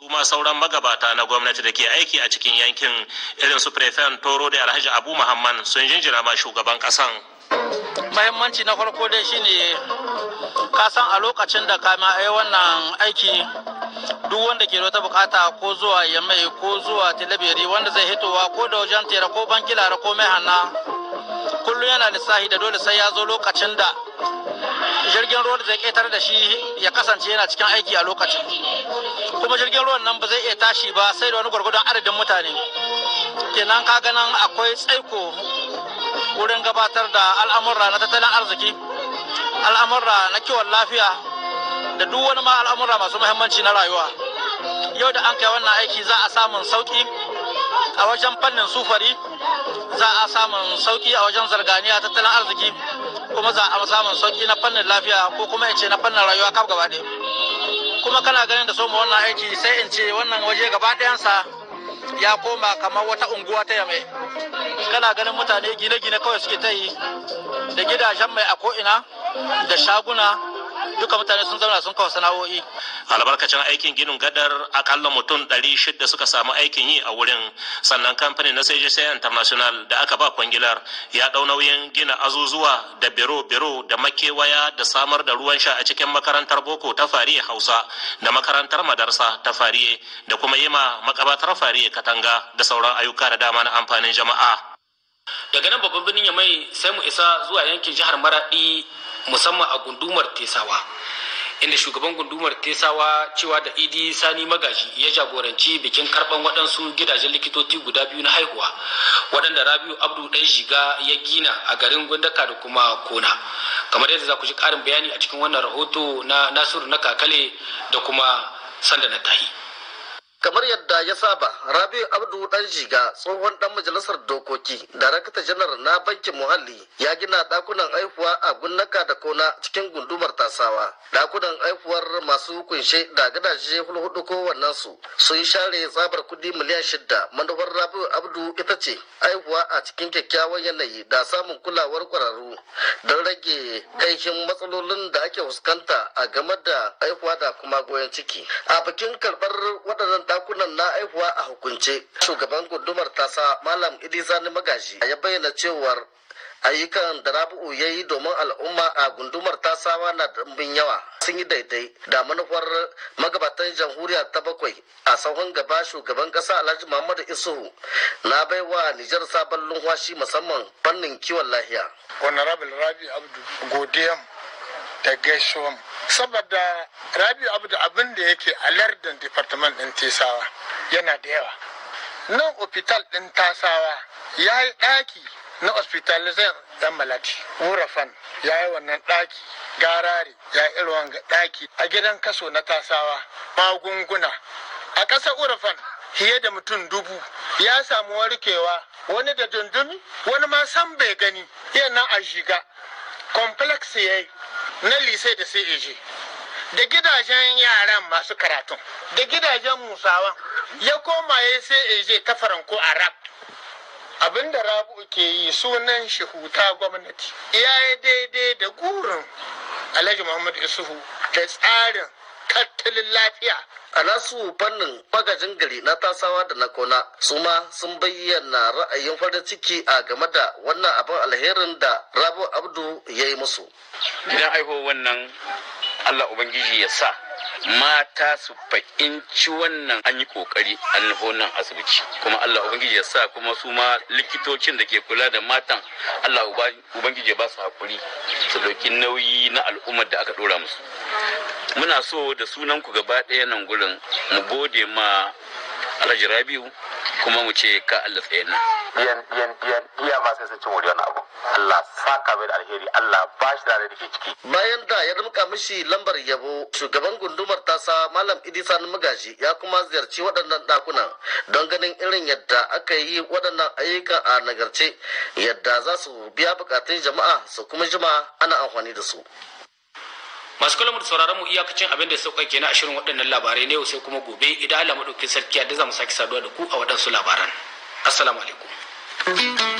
su sauran magabata na gwamnati da ke aiki a cikin yankin irin su prefen toro da alhaji abu muhammad sun jinjira ma shugaban kasan mahimmanci na farko dai shine kasan a lokacin da kama ai eh wannan aiki duk wanda ke wata bukata ko zuwa yamai ko zuwa talabiri wanda zai hitowa ko da wajen tera ko bankila ko mai hanna kullum yana lissahi da dole sai ya zo lokacin da jirgin ruwan da zai ƙetar da shi ya kasance yana cikin aiki a lokacin kuma jirgin ruwan nan ba zai iya tashi ba sai da wani gwargwadon adadin mutane kenan ka ganin akwai tsaiko wurin gabatar da al'amurra na tattalin arziki al'amurra na kiwon lafiya da duk wani ma al'amurra masu muhimmanci na rayuwa yau da an kai wannan aiki za a samun sauƙi a wajen fannin sufari za a samun sauki a wajen zarganiya tattalin arziki kuma za a samun sauki na fannin lafiya ko kuma ya ce na fannin rayuwa kaf gaba ɗaya kuma kana ganin da soma wannan aiki sai in ce wannan waje gaba ɗayansa ya koma kamar wata unguwa ta yamai kana ganin mutane gine-gine kawai suke ta yi da gidajen mai a ko'ina da shaguna duka mutane sun zauna sun kawo sana'o'i albarkacin aikin ginin gadar akalla mutum ɗari 600 suka samu aikin yi a wurin sannan kamfanin na CJC International da aka ba kwangilar ya ɗau nauyin gina azuzuwa da biro biro da makewaya da samar da ruwan sha a cikin makarantar boko ta fariye Hausa da makarantar madarsa ta fariye da kuma yima makabatar fariye katanga da sauran ayyuka da dama na amfanin jama'a daga nan babban birnin ya mai sai mu isa zuwa yankin jihar maradi musamman a gundumar tesawa inda shugaban gundumar tesawa cewa da idi sani magaji ya jagoranci bikin karban waɗansu gidajen likitoci guda biyu na haihuwa waɗanda rabiu abdu ɗan shiga ya gina a garin gwandaka da kuma kona kamar yadda za ku ji ƙarin bayani a cikin wannan rahoto na nasiru na kakale da kuma sanda na tahi kamar yadda ya saba rabiu abdu dan jiga tsohon dan majalisar dokoki darakta janar na bankin muhalli ya gina dakunan aihuwa a gunnaka da kona cikin gundumar tasawa dakunan aihuwar masu kunshe da gadaje hulhudu kowannen su sun share tsabar kudi miliyan shida manufar rabiu abdu ita ce aihuwa a cikin kyakkyawan yanayi da samun kulawar kwararru don rage kaihin matsalolin da ake fuskanta a game da aihuwa da kuma goyon ciki a bikin karɓar waɗannan dakunan na aihuwa a hukunce shugaban gundumar tasa malam ni magaji ya bayyana cewar ayyukan da rabu'u ya yi domin al'umma a gundumar tasawa na dambin yawa sun yi daidai da manufar magabatan jamhuriya ta bakwai a sauran gaba shugaban ƙasa alhaji muhammadu isuhu na baiwa nijar sabon lunwashi musamman fannin kiwon lahiya honorable rabi abdu godiyan da gaisuwan saboda rabi abu da abin da yake a lardin departament ɗin tesawa yana da yawa nan ofital ɗin tasawa ya yi ɗaki na hospitalizan dan malati wurafan ya yi wannan ɗaki garare ya yi ga ɗaki a gidan kaso na tasawa magunguna a ƙasa wurafan fiye da mutum dubu ya samu warkewa wani da dundumi wani ma san bai gani yana a shiga complex ya na lise da CAG da gidajen yaran masu karatu. da gidajen musawa ya koma ya CAG ta faranko a rap abinda rabu ke yi sunan shi huta gwamnati ya yi daidai da gurin alhaji muhammad isuhu da tsarin tattalin lafiya a nasu fannin magajin gari na tasawa da na kona su ma sun bayyana ra'ayin farin ciki a game da wannan abin alherin da rabu abdu ya yi musu idan aiho wannan allah ubangiji ya sa mata su fa'inci wannan an yi kokari an nan asibiti kuma Allah ubangiji ya sa kuma su ma likitocin da ke kula da matan Allah ubangiji ya ba su hakuri su dauki nauyi na al'ummar da aka ɗora musu muna so da sunan ku gaba ɗaya nan gurin mu gode ma alhaji rabiu kuma mu ce ka allah tsaye na. iya ma sai sun ci wani abu Allah saka mai alheri Allah ba shi da rai ciki bayan da ya rumka mishi lambar yabo shugaban gundumar tasa malam Idisa Magaji ya kuma ziyarci waɗannan ɗakunan don ganin irin yadda aka yi waɗannan ayyuka a nagarce yadda za su biya bukatun jama'a su kuma jima ana amfani da su masu kallon mu sauraron mu iyakacin abin da ya sauka ke na ashirin waɗannan labarai ne sai kuma gobe idan Allah madaukakin sarki ya da za mu sake saduwa da ku a waɗansu labaran assalamu alaikum